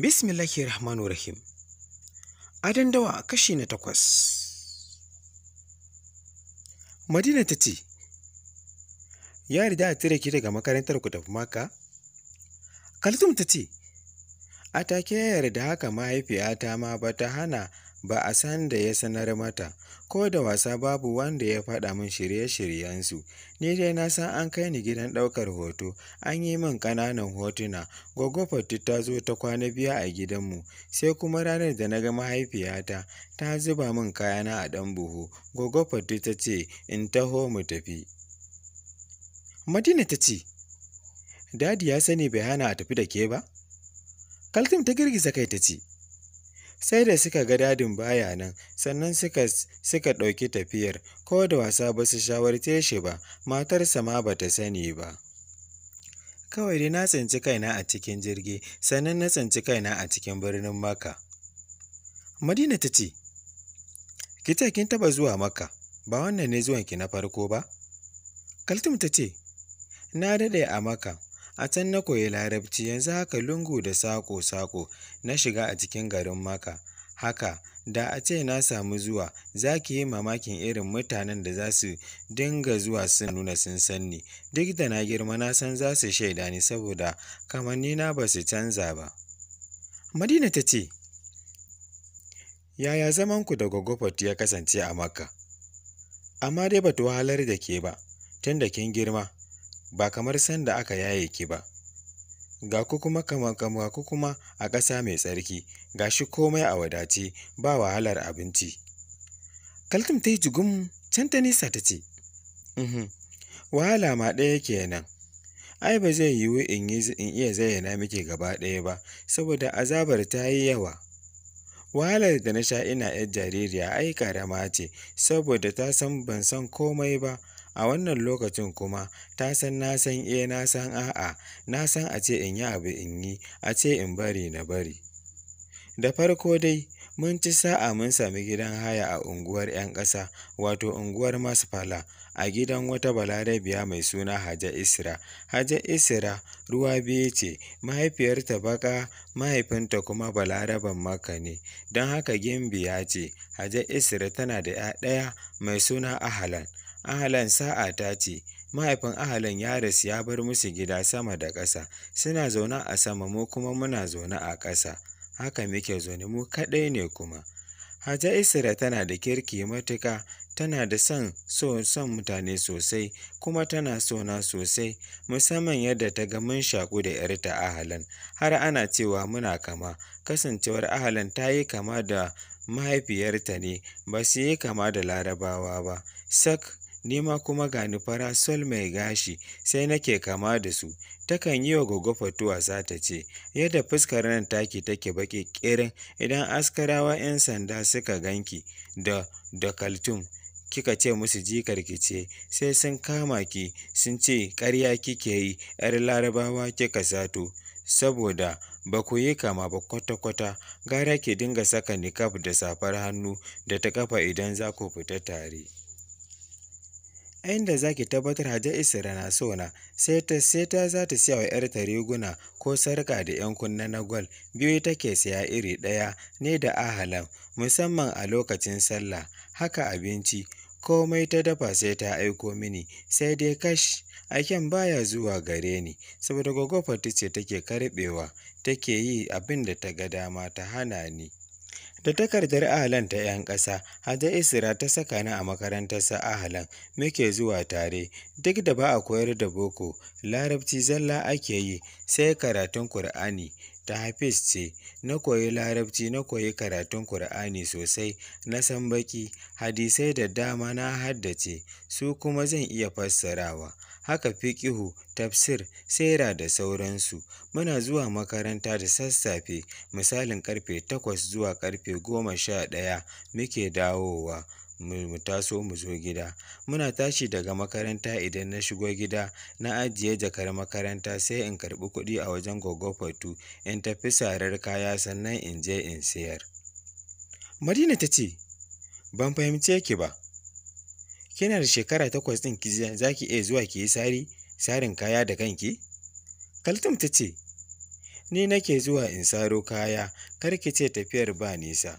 Bismillahi Rahmanu Rahim. Adon dawa kashi na takwas. Madina ta ce, Ya rida a cire ki daga makarantar ku tafi maka? Kaltum ta ce, A take yarda haka mahaifiyata ma ba ta hana ba a san da ya sanar mata. Ko da wasa babu wanda ya faɗa min shirye-shiryensu. Ni dai na san an kai ni gidan ɗaukar hoto, an yi min ƙananan hotuna. Gwaggo Fati ta zo ta kwana biya a gidanmu, sai kuma ranar da na ga mahaifiyata ta zuba min kayana a ɗan buhu. Gwaggo ta ce in taho mu tafi. Madina ta ce, Dadi ya sani bai hana a tafi da ke ba? kaltim ta girgiza kai ta ce, sai da suka ga dadin baya nan sannan suka ɗauki tafiyar ko da wasa ba su shawarce shi ba matarsa ma ba ta sani ba kawai dai na tsinci kaina a cikin jirgi sannan na tsinci kaina a cikin birnin maka madina ta ce ki ce kin taɓa zuwa maka ba wannan ne zuwanki na farko ba kaltum ta ce na daɗe a maka A can na koyi Larabci, yanzu haka lungu da sako saƙo na shiga a cikin garin maka Haka, da a ce na samu zuwa, za ki yi mamakin irin mutanen da za su dinga zuwa suna nuna sun sanni Duk da na girma na san za su shaida ni saboda kamannina ba su canza ba. Madina ta ce, Yaya zamanku da gogofat ya kasance a Makka? Amma dai ba ta wahalar da ke ba, tun da kin girma. ba kamar sanda aka yaye ki ba. Ga ku kuma kama ku kuma a ƙasa mai tsarki, ga shi komai a wadace, ba wahalar abinci. Kaltum ta yi jigum can ta nisa ta ce, uhm, Wahala ma ɗaya kenan. Ai, ba zai yiwu in iya zayyana miki gaba ɗaya ba, saboda azabar ta yi yawa. Wahalar da na sha ina ‘yar jaririya ai karama ce, saboda ta san ban san komai ba, A wannan lokacin kuma, ta san na san e na san a'a, na san a ce in yi abu in yi, a ce in bari na bari. Da farko dai, mun ci sa'a mun sami gidan haya a unguwar 'yan ƙasa, wato unguwar Masfala, a gidan wata Balarabiya mai suna Haja Isra. Haja Isra ruwa biyu ce, mahaifiyarta baƙa, mahaifinta kuma Balaraben maka ne, don haka gimbiya ce. Haja Isra tana da 'ya ɗaya mai suna Ahalan. Ahalan sa'a ta ce, mahaifin Ahalan ya rasu ya bar musu gida sama da ƙasa, suna zaune a sama mu kuma muna zaune a ƙasa, haka muke zaune mu kaɗai ne kuma. Haja Isra tana da kirki matuka, tana da son so son mutane sosai, kuma tana sona sosai, musamman yadda ta ga mun shaƙu da ‘yarta Ahalan, har ana cewa muna kama, kasancewar Ahalan ta yi kama da mahaifiyarta ne, ba su yi kama da Larabawa ba, sak ni ma kuma ga ni farasol mai gashi sai nake kama da su takan yi wa gogo za ta ce yadda fuskar nan taki take baki kirin idan askarawa 'yan sanda suka ganki da da kika ce musu jikar ki ce sai sun kama ki sun ce ƙarya kike yi 'yar larabawa kika sato saboda ba ku yi kama ba kwata-kwata gara ki dinga saka nikaf da safar hannu da ta kafa idan za ku fita tare A inda za ki tabbatar Hajiya Isra na sai ta sai ta za ta siya wa ‘yarta riguna ko sarka da ‘yan kunne na gwal, biyu take siya iri ɗaya ne da ahalan, musamman a lokacin sallah, haka abinci, komai ta dafa sai ta aiko mini, sai dai kash, aiken baya zuwa gare ni, saboda Goggo Fati ce take karɓewa, take yi abin da ta ga dama ta hana ni. Da takardar Ahlan ta 'yan ƙasa, Hajar Isra ta saka ni a makarantar sa Ahlan, muke zuwa tare, duk da ba a koyar da boko, Larabci zalla ake yi, sai karatun Kur'ani. ta Hafiz ce, na koyi Larabci, na koyi karatun Kur'ani sosai, na san baƙi, hadisai da dama na haddace, su kuma zan iya fassarawa. Haka fiƙihu, tafsir, sera da sauransu. Muna zuwa makaranta da sassafe, misalin ƙarfe takwas zuwa ƙarfe goma sha ɗaya muke dawowa. mu taso mu zo gida. Muna tashi daga makaranta idan na shigo gida na ajiye jakar makaranta sai in karɓi kuɗi a wajen goggo in tafi sarar kaya sannan in je in sayar. Madina ta ce, Ban fahimce ki ba. Kina da shekara takwas ɗin ki za ki iya zuwa ki yi sari, sarin kaya da kanki? Kaltum ta ce, Ni nake zuwa in saro kaya, kar ki ce tafiyar ba nisa.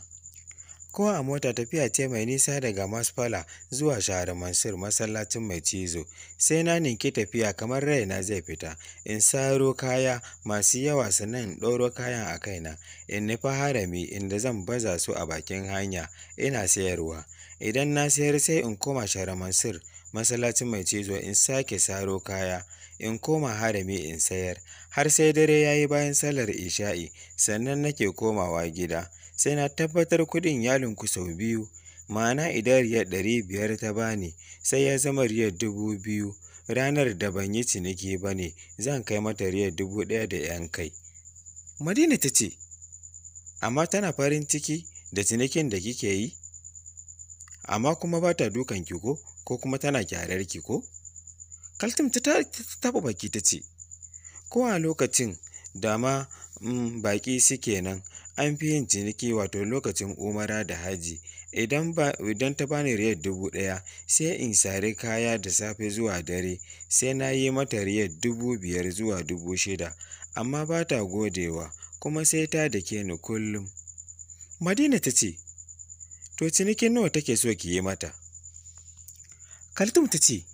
Ko a mota tafiya ce mai nisa daga Masfala zuwa Shahar Mansur masallacin Mai Cizo, sai na ninki tafiya kamar raina zai fita, in saro kaya masu yawa sannan in ɗauro kayan a kaina, in nufa harami inda zan baza su a bakin hanya ina sayarwa. Idan na sayar sai in koma Shahar Mansur masallacin Mai Cizo in sake saro kaya, in koma harami in sayar, har sai dare ya yi bayan sallar isha'i sannan nake komawa gida. sai na tabbatar kuɗin yalin linku sau biyu ma'ana idan riyar ɗari biyar ta bani sai ya zama riyar dubu biyu ranar da ban yi ciniki ba ne zan kai mata riyar dubu ɗaya da ‘yan kai madina ta ce amma tana farin ciki da cinikin da kike yi amma kuma ba ta dukan ki ko ko kuma tana kyarar ki ko kaltum ta taɓa baki ta ce ko a lokacin da ma mm, baki suke nan an fi yin ciniki wato lokacin umara da haji idan ta bani riyar dubu ɗaya sai in sari kaya da safe zuwa dare sai na yi mata riyar dubu biyar zuwa dubu shida amma ba ta godewa kuma sai ta da ke ni kullum madina ta ce to cinikin nawa take so ki yi mata kaltum ta ce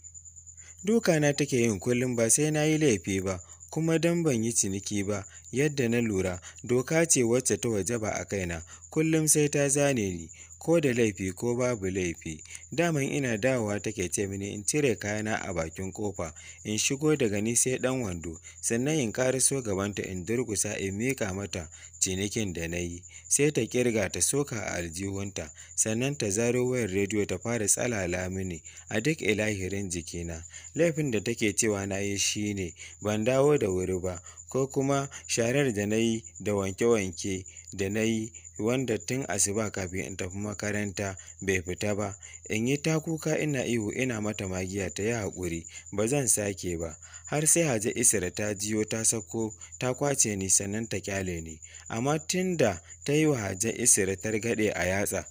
dukana take yin kullum ba sai na yi laifi ba kuma don ban yi ciniki ba Yadda na lura, doka ce wacce ta wajaba a kaina, kullum sai ta zane ni, ko da laifi ko babu laifi. Daman ina dawowa take ce mini in cire kayana a bakin kofa, in shigo daga ni sai dan wando, sannan in so gabanta in durgusa in mika mata cinikin da na yi, sai ta ƙirga ta soka a aljihunta, sannan ta zaro wayar rediyo ta fara tsalala mini a duk ilahirin jikina. Laifin da take cewa na yi shine ban dawo da wuri ba ko kuma sharar da na yi da wanke-wanke da na yi wanda tun asuba kafin in tafi makaranta bai fita ba in yi ta kuka ina ihu ina mata magiya ta yi haƙuri ba zan sake ba har sai haje isra ta jiyo ta sako ta kwace ni sannan ta kyale ni amma tun da ta yi wa haja isra targaɗe a yatsa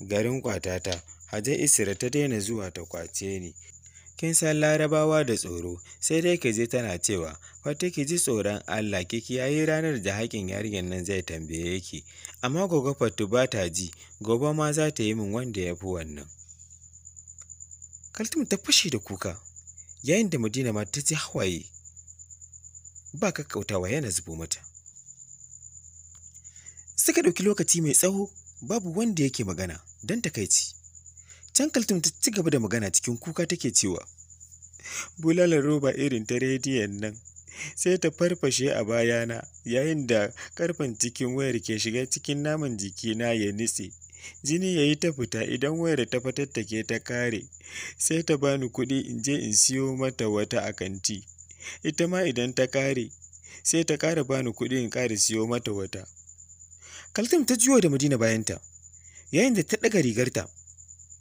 garin kwatata haje isra ta daina zuwa ta kwace ni kin san larabawa da tsoro sai dai ka je tana cewa Wata ki ji tsoron Allah ki yi ranar da hakin yarinyar nan zai tambaye yake, amma gogo Fattu ba ta ji, gobe ma za ta yi min wanda ya fi wannan. Kaltum ta fashe da kuka, yayin da Madina ma ta ji hawaye, ba ka kautawa yana zubo mata. Suka ɗauki lokaci mai tsawo babu wanda yake magana don takaici. Can Kaltum ta ci gaba da magana cikin kuka take cewa, Bulalar roba irin ta rediyon nan sai ta farfashe a bayana yayin da karfin cikin wayar ke shiga cikin naman jikina ya nitse jini ya yi ta fita idan wayar ta fatattake ta kare sai ta bani kuɗi in je in siyo mata wata a kanti ita ma idan ta kare sai ta kara bani kuɗi in ƙara siyo mata wata kaltum ta juyo da madina bayanta yayin da ta ɗaga rigarta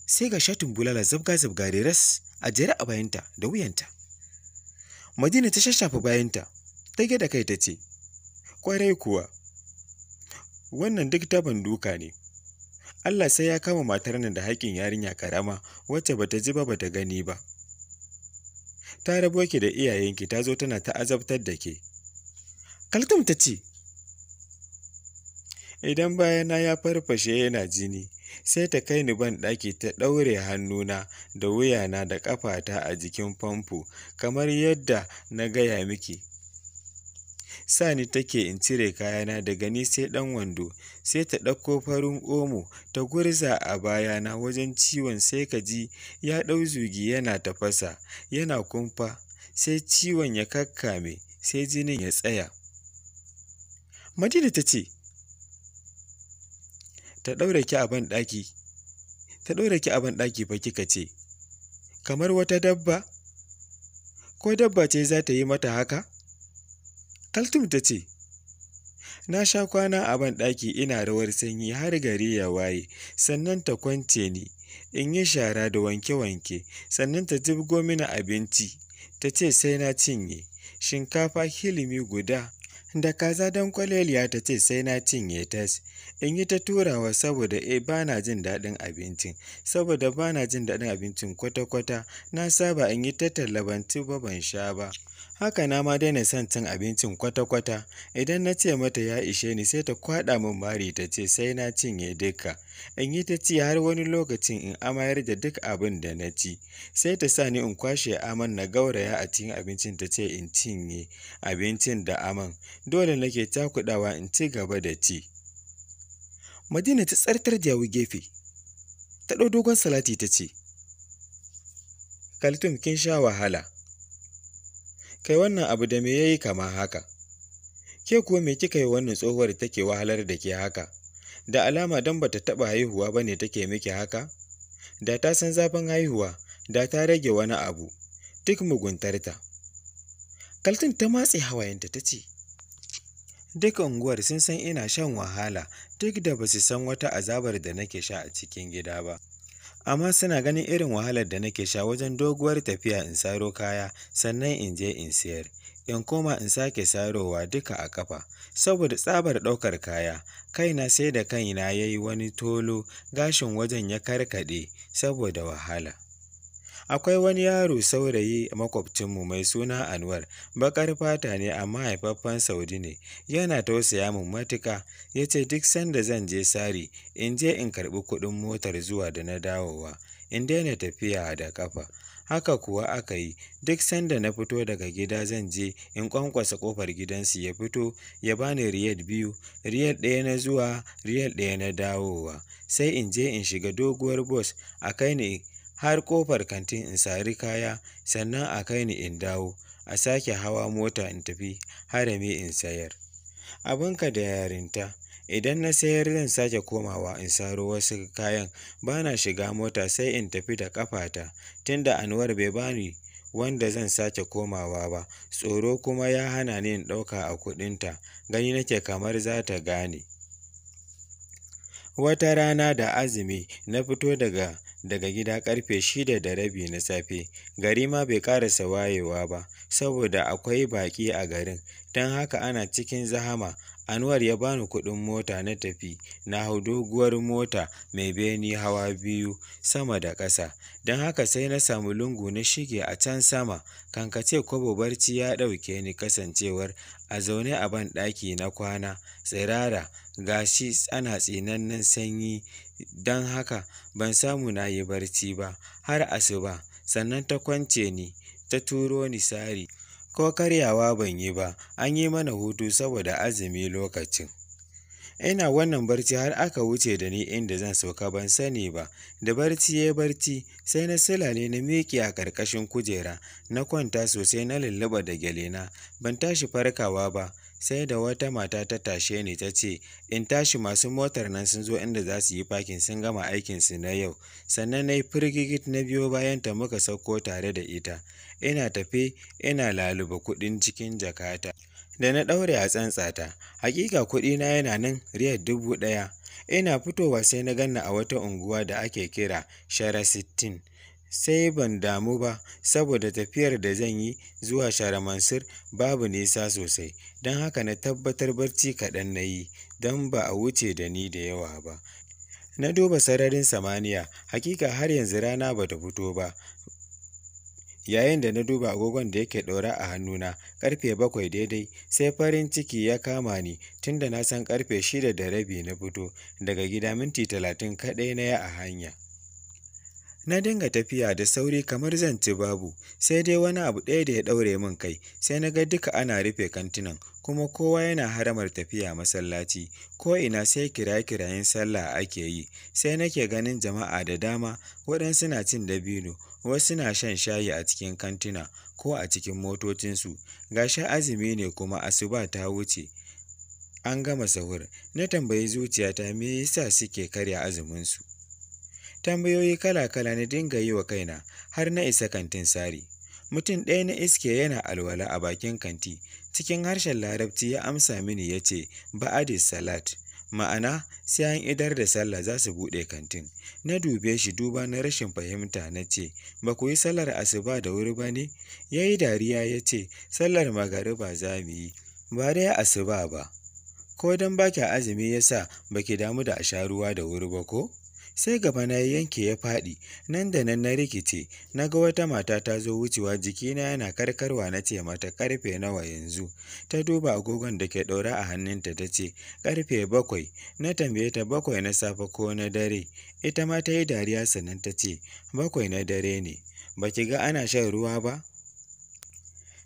sai ga shatin bulala zabga zabga ras a jere a bayanta da wuyanta Madina ta shashafa bayanta, ta gyada kai ta ce, Ƙwarai kuwa, wannan duk taban duka ne. Allah sai ya kama matar nan da haƙƙin yarinya karama wacce bata ji ba ta gani ba. Ta rabo ki da iyayenki ta zo tana ta azabtar da ke. Kaltum ta ce, Idan bayana ya farfashe yana jini, sai ta kai ni banɗaki ta ɗaure hannuna da wuyana da ƙafata a jikin famfo kamar yadda na gaya miki sani take in cire kayana daga ni sai ɗan wando sai ta ɗauko farin omo ta gurza a bayana wajen ciwon sai ka ji ya ɗau zugi yana tafasa yana kumfa sai ciwon ya kakkame sai jinin ya tsaya madina ta ce ta ɗaure ki a banɗaki ɗaki ta ɗaure ki a ban fa kika ce kamar wata dabba ko dabba ce za ta yi mata haka kaltum ta ce na sha kwana a banɗaki ina rawar sanyi har gari ya waye sannan ta kwance ni in yi shara da wanke-wanke sannan ta jibgo mini abinci ta ce sai na cinye shinkafa hilimi guda da kaza don kwaleliya ta ce sai na cinye tas in yi ta turawa saboda e ba na jin daɗin abincin saboda ba na jin daɗin abincin kwata-kwata na saba in yi ta tallabanci ba ban sha ba Haka na ma daina son cin abincin kwata-kwata, idan na ce mata ya ishe ni sai ta kwaɗa min mari ta ce sai na cinye duka. In yi ta ci har wani lokacin in amayar da duk abin da na ci, sai ta sa ni in kwashe aman na gauraya a cikin abincin ta ce in cinye abincin da aman. Dole nake cakuɗawa in ci gaba da ci. Madina ta tsartar da yawu gefe, ta ɗau dogon salati ta ce, Kaltum kin sha wahala. kai wannan abu da me ya yi kama haka? Ke kuwa me kika yi wannan tsohuwar take wahalar da ke haka? Da alama don ba ta taɓa haihuwa ba ne take miki haka? Da ta san zafin haihuwa, da ta rage wani abu, duk muguntarta. Kaltin ta matse hawayenta ta ce, Duk unguwar sun san ina shan wahala duk da ba su san wata azabar da nake sha a cikin gida ba. amma suna ganin irin wahalar da nake sha wajen doguwar tafiya in saro kaya sannan in je in siyar in koma in sake sarowa duka a kafa saboda tsabar ɗaukar kaya kaina sai da kaina ya yi wani tolo gashin wajen ya karkaɗe saboda wahala Akwai wani yaro saurayi makwabcinmu mai suna Anwar, baƙar fata ne a mahaifafan Saudi ne, yana tausaya min matuka. ya ce duk sanda zan je Sari in je in karɓi kuɗin motar zuwa da na dawowa, in daina tafiya da ƙafa. Haka kuwa aka yi, duk sanda na fito daga gida zan je in ƙwanƙwasa ƙofar gidansu ya fito ya bani riyar biyu, Riyal ɗaya na zuwa, Riyal ɗaya na dawowa, sai in je in shiga doguwar bos a kai ne har ƙofar kantin in sari kaya sannan a kai ni in dawo a sake hawa mota in tafi harami in sayar. Abinka da yarinta. Idan na sayar zan sake komawa in saro wasu kayan bana shiga mota sai in tafi da kafata tunda Anwar bai bani wanda zan sake komawa ba tsoro kuma ya hana ni in ɗauka a kuɗinta gani nake kamar za ta gane. Wata rana da azumi na fito daga daga gida ƙarfe shida da rabi na safe, gari ma bai sa wayewa ba saboda akwai baƙi a garin, don haka ana cikin zahama Anwar ya bani kuɗin mota na tafi, na hau doguwar mota mai bene hawa biyu sama da ƙasa, don haka sai na samu lungu na shige a can sama, kankace-kwabo barci ya ɗauke ni kasancewar a zaune a banɗaki na kwana, tsirara, ga shi ana tsinannen sanyi don haka ban samu na yi barci ba har asuba, sannan ta kwance ni, ta turo ni sari. Ko karyawa ban yi ba, an yi mana hutu saboda azumi lokacin. Ina wannan barci har aka wuce da ni inda zan sauka ban sani ba, da barci ya barci sai na silale na miƙe a ƙarƙashin kujera, na kwanta sosai na lulluɓa da gyalena, ban tashi farkawa ba sai da wata mata ta tashe ni ta ce in tashi masu motar nan sun zo inda za su yi fakin sun gama aikinsu na yau sannan na yi firgigit na biyo bayan ta muka sauko tare da ita ina tafe ina laluba kuɗin cikin jakata da na ɗaure a tsantsata hakika kuɗina yana nan riyar dubu ɗaya ina fitowa sai na ganna a wata unguwa da ake kira shara sittin sai ban damu ba saboda tafiyar da zan yi zuwa Sharamansir babu nisa sosai, don haka na tabbatar barci kaɗan na yi, don ba a wuce da ni da yawa ba. Na duba sararin samaniya, hakika har yanzu rana ba ta fito ba. Yayin da na duba agogon da yake ɗora a hannuna, ƙarfe bakwai daidai, sai farin ciki ya kama ni tunda na san ƙarfe shida da rabi na fito, daga gida minti talatin kaɗai na yi a hanya. Na dinga tafiya da sauri kamar zan ci babu, sai dai wani abu ɗaya da ya ɗaure min kai, sai na ga duka ana rufe kantinan, kuma kowa yana haramar tafiya masallaci, ko ina sai kiraye-kirayen sallah ake yi, sai nake ganin jama'a da dama, waɗansu na cin dabino, wasu na shan shayi a cikin kantina ko a cikin motocinsu, gashi azumi ne kuma asuba ta wuce. An gama sahur, na tambayi zuciyata me yasa suke karya azuminsu. tambayoyi kala-kala na dinga yi wa kaina har na isa kantin sari. Mutum ɗaya na iske yana alwala a bakin kanti, cikin harshen larabci ya amsa mini ya ce, Ba'adis Salat, ma'ana sayan idar da sallah za su buɗe kantin. Na dube shi duba na rashin fahimta na ce, Ba ku yi sallar asuba da wuri ba ne? Ya yi dariya ya ce, Sallar magariba za mu yi, ba dai asuba ba. Ko don baki azumi ya sa ba ki damu da a sha ruwa da wuri ba ko? sai gabana ya yanke ya faɗi nan da nan na rikice na ga wata mata ta zo wucewa jikina yana karkarwa na ce mata karfe nawa yanzu ta duba agogon da ke ɗaura a hannunta ta ce karfe bakwai na tambaye ta bakwai na safe ko na dare ita ma ta yi dariya sannan ta ce bakwai na dare ne Ba ki ga ana shan ruwa ba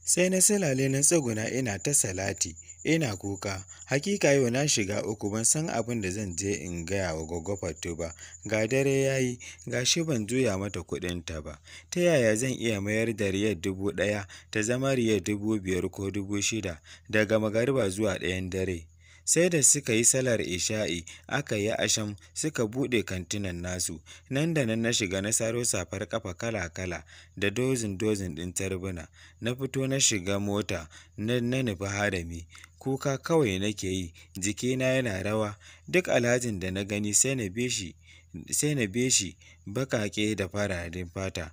sai na silale na tsuguna ina ta salati Ina kuka, hakika yau na shiga uku ban san abin da zan je in gaya wa Gwaggo Fatto ba, ga dare ya yi, ga shi ban juya mata kuɗinta ba, ta yaya zan iya mayar da riyar dubu ɗaya ta zama riyar dubu biyar ko dubu shida daga magariba zuwa ɗayan dare. sai da suka yi salar isha'i aka yi asham suka buɗe kantinan nasu nan da nan na shiga na saro safar kafa kala-kala da dozin dozin ɗin tarbuna na fito na shiga mota na nufi harami kuka kawai nake yi, jikina yana rawa, duk alhajin da na gani sai na be shi baƙaƙe da fararen fata.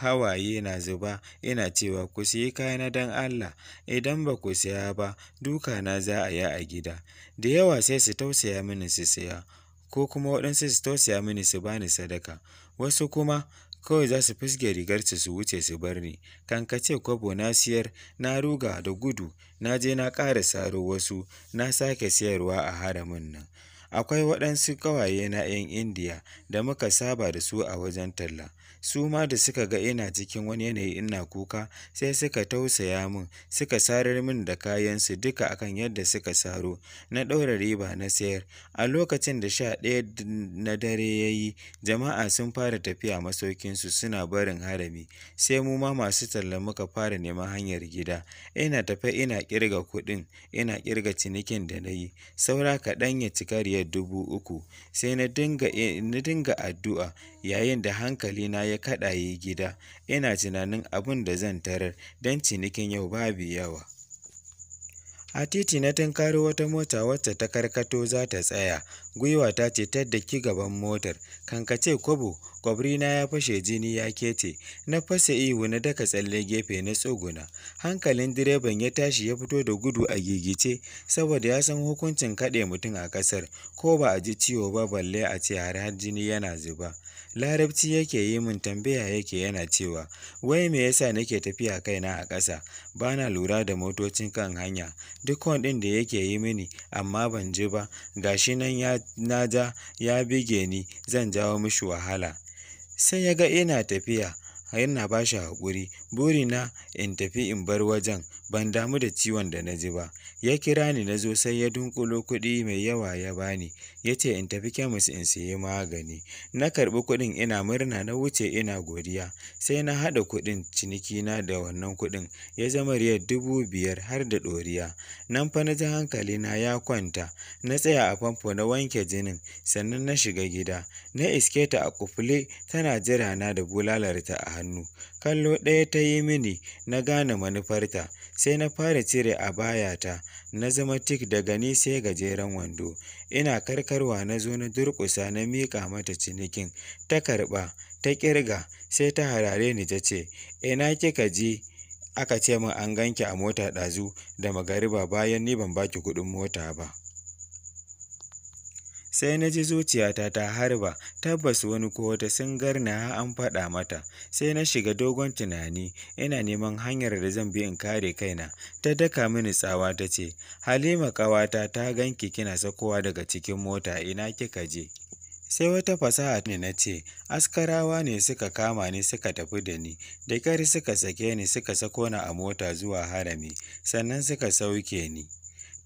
Hawaye na zuba ina cewa ku sayi kayana don Allah, idan ba ku saya ba duka na za a yi a gida. Da yawa sai su tausaya mini su saya, ko kuma waɗansu su tausaya mini su bani sadaka, wasu kuma Kawai za su fisge rigarsu su wuce su bar ni, kan ka ce kwabo na siyar, na ruga da gudu, na je na ƙara saro wasu, na sake siyarwa a haramin nan. Akwai waɗansu na 'yan Indiya da muka saba da su a wajen talla, su ma da suka ga ina cikin wani yanayi ina kuka, sai suka tausaya min suka sarar min da kayansu duka akan yadda suka saro, na ɗaura riba na sayar. A lokacin da sha ɗaya na dare ya yi, jama'a sun fara tafiya masaukinsu suna barin harami, sai mu ma masu talla muka fara neman hanyar gida. Ina tafe ina ƙirga kuɗin, ina ƙirga cinikin da na yi, saura kaɗan ya cika miliyan dubu uku, sai eh, na dinga addu'a yayin da hankalina ya kaɗaye gida, ina tunanin abin da zan tarar, don cinikin yau babu yawa. A titi na tunkaro wata mota wacce ta karkato za ta tsaya, gwiwa ta ce ta daki gaban motar, kankace kwabo, kwabrina ya fashe jini ya kece, na fasa ihu na daka tsalle gefe na tsuguna. Hankalin direban ya tashi ya fito da gudu a gigice saboda ya san hukuncin kaɗe mutum a ƙasar, ko ba a ji ciwo ba balle a ce har jini yana zuba. larabci yake yi min tambaya yake yana cewa wai me yasa nake tafiya kaina a ƙasa ba na lura da motocin kan hanya duk ɗin da yake yi mini amma ban ji ba gashi nan ya ja ya bige ni zan jawo mishi wahala sai ya ga ina tafiya yana ba shi haƙuri Burina in tafi in bar wajen, ban damu da ciwon da na ji ba. Ya kira ni na zo sai ya dunkulo kuɗi mai yawa ya bani. ya ce in tafi kemis in sayi magani. Na karɓi kuɗin ina murna na wuce ina godiya. Sai na haɗa kuɗin cinikina da wannan kuɗin ya zama riyar dubu biyar har da ɗoriya. Nan fa na ji na ya kwanta. Na tsaya a famfo na wanke jinin, sannan na shiga gida. Na iske ta a kufule tana jira na da bulalarta a hannu. Kallo ɗaya ta ta yi mini na gane manufarta, sai na fara cire abayata, na zama tik daga ni sai gajeren wando, ina karkarwa na zo na durƙusa na miƙa mata cinikin, ta karɓa, ta ƙirga, sai ta harare ni ta ce, ina kika ji? Aka ce min an ganki a mota ɗazu da magariba bayan ni ban baki kuɗin mota ba. sai na ji zuciyata ta harba tabbas wani ko wata sun garna an faɗa mata sai na shiga dogon tunani ina neman hanyar da zan bi in kare kaina ta daka mini tsawa ta ce halima ƙawata ta ganki kina sakowa daga cikin mota ina kika je sai wata fasaha ne na ce askarawa ne suka kama ni suka tafi da ni da kyar suka sake ni suka sako ni a mota zuwa harami sannan suka sauke ni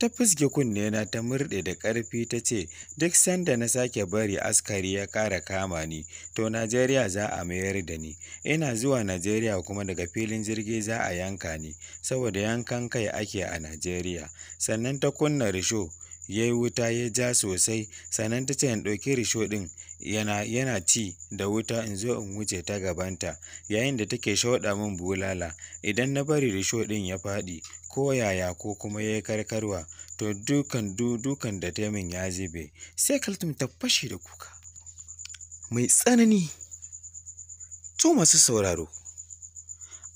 ta fizge kunnena ta murɗe da karfi ta ce duk sanda na sake bari askari ya ƙara kama ni to najeriya za a mayar da ni ina zuwa najeriya kuma daga filin jirgi za a yanka ni saboda yankan kai ake a najeriya sannan ta kunna risho ya yi wuta ya ja sosai sannan ta ce in ɗauki risho ɗin yana, yana ci da wuta in zo in wuce ta gabanta yayin da take shauɗa min bulala idan na bari risho ɗin ya faɗi ko yaya ko kuma ya yi karkarwa to dukan dukan da taimin ya zube sai kaltum ta fashe da kuka mai tsanani to masu sauraro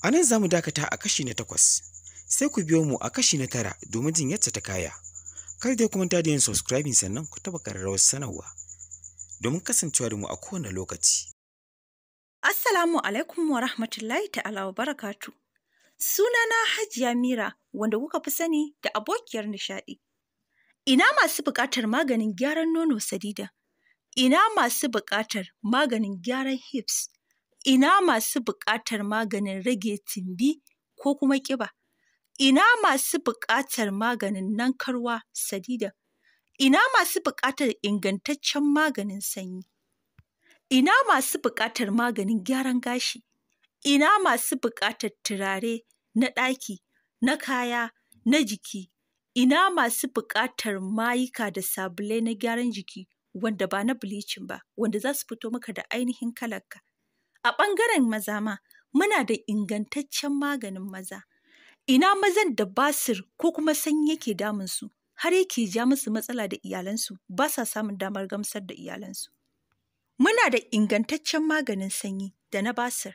a nan za mu dakata a kashi na takwas sai ku biyo mu a kashi na tara domin jin yadda ta kaya kar dai kuma ta yin subscribing sannan ku taba kararrawar sanarwa domin kasancewa da mu a kowane lokaci assalamu alaikum wa rahmatullahi ta'ala wa barakatuh Sunana Hajiya Mira wanda kuka fi sani da abokiyar nishaɗi. Ina masu buƙatar maganin gyaran nono sadida? Ina masu buƙatar maganin gyaran hips? Ina masu buƙatar maganin rage tumbi ko kuma ƙiba? Ina masu buƙatar maganin nankarwa sadida? Ina masu buƙatar ingantaccen maganin sanyi? Ina masu buƙatar maganin gyaran gashi? ina masu buƙatar turare na ɗaki, na kaya, na jiki, ina masu buƙatar mayuka da sabulai na gyaran jiki wanda ba na bleaching ba, wanda za su fito maka da ainihin kalarka. A ɓangaren maza ma, muna da ingantaccen maganin maza. Ina mazan da basir ko kuma sanyi yake damunsu, har yake ja musu matsala da iyalansu, ba sa samun damar gamsar da iyalansu. Muna da ingantaccen maganin sanyi da na basir.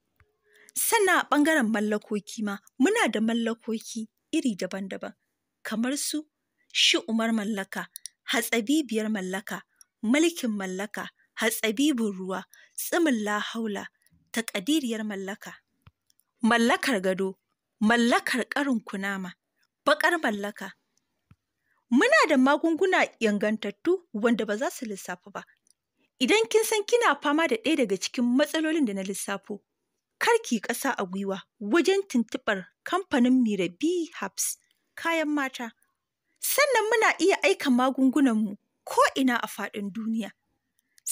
sannan a ɓangaren mallakoki ma muna da mallakoki iri daban-daban kamar su shi umar mallaka hatsabibiyar mallaka mulkin mallaka hatsabibin ruwa tsimin lahaula taƙadiriyar mallaka mallakar gado mallakar ƙarin kunama baƙar mallaka muna da magunguna ingantattu wanda ba za su lissafa ba idan kin san kina fama da ɗaya daga cikin matsalolin da na lissafo kar ki ƙasa a gwiwa wajen tuntuɓar kamfanin Mira B Habs kayan mata. Sannan muna iya aika magungunanmu ko ina a faɗin duniya.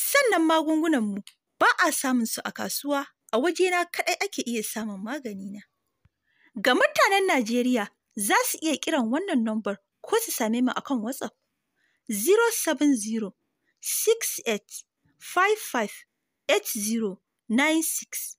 Sannan magungunanmu ba a samun su a kasuwa, a wajena kaɗai ake iya samun maganina. Ga mutanen Najeriya za su iya kiran wannan nombar ko su same mu akan WhatsApp 070 68 55 six.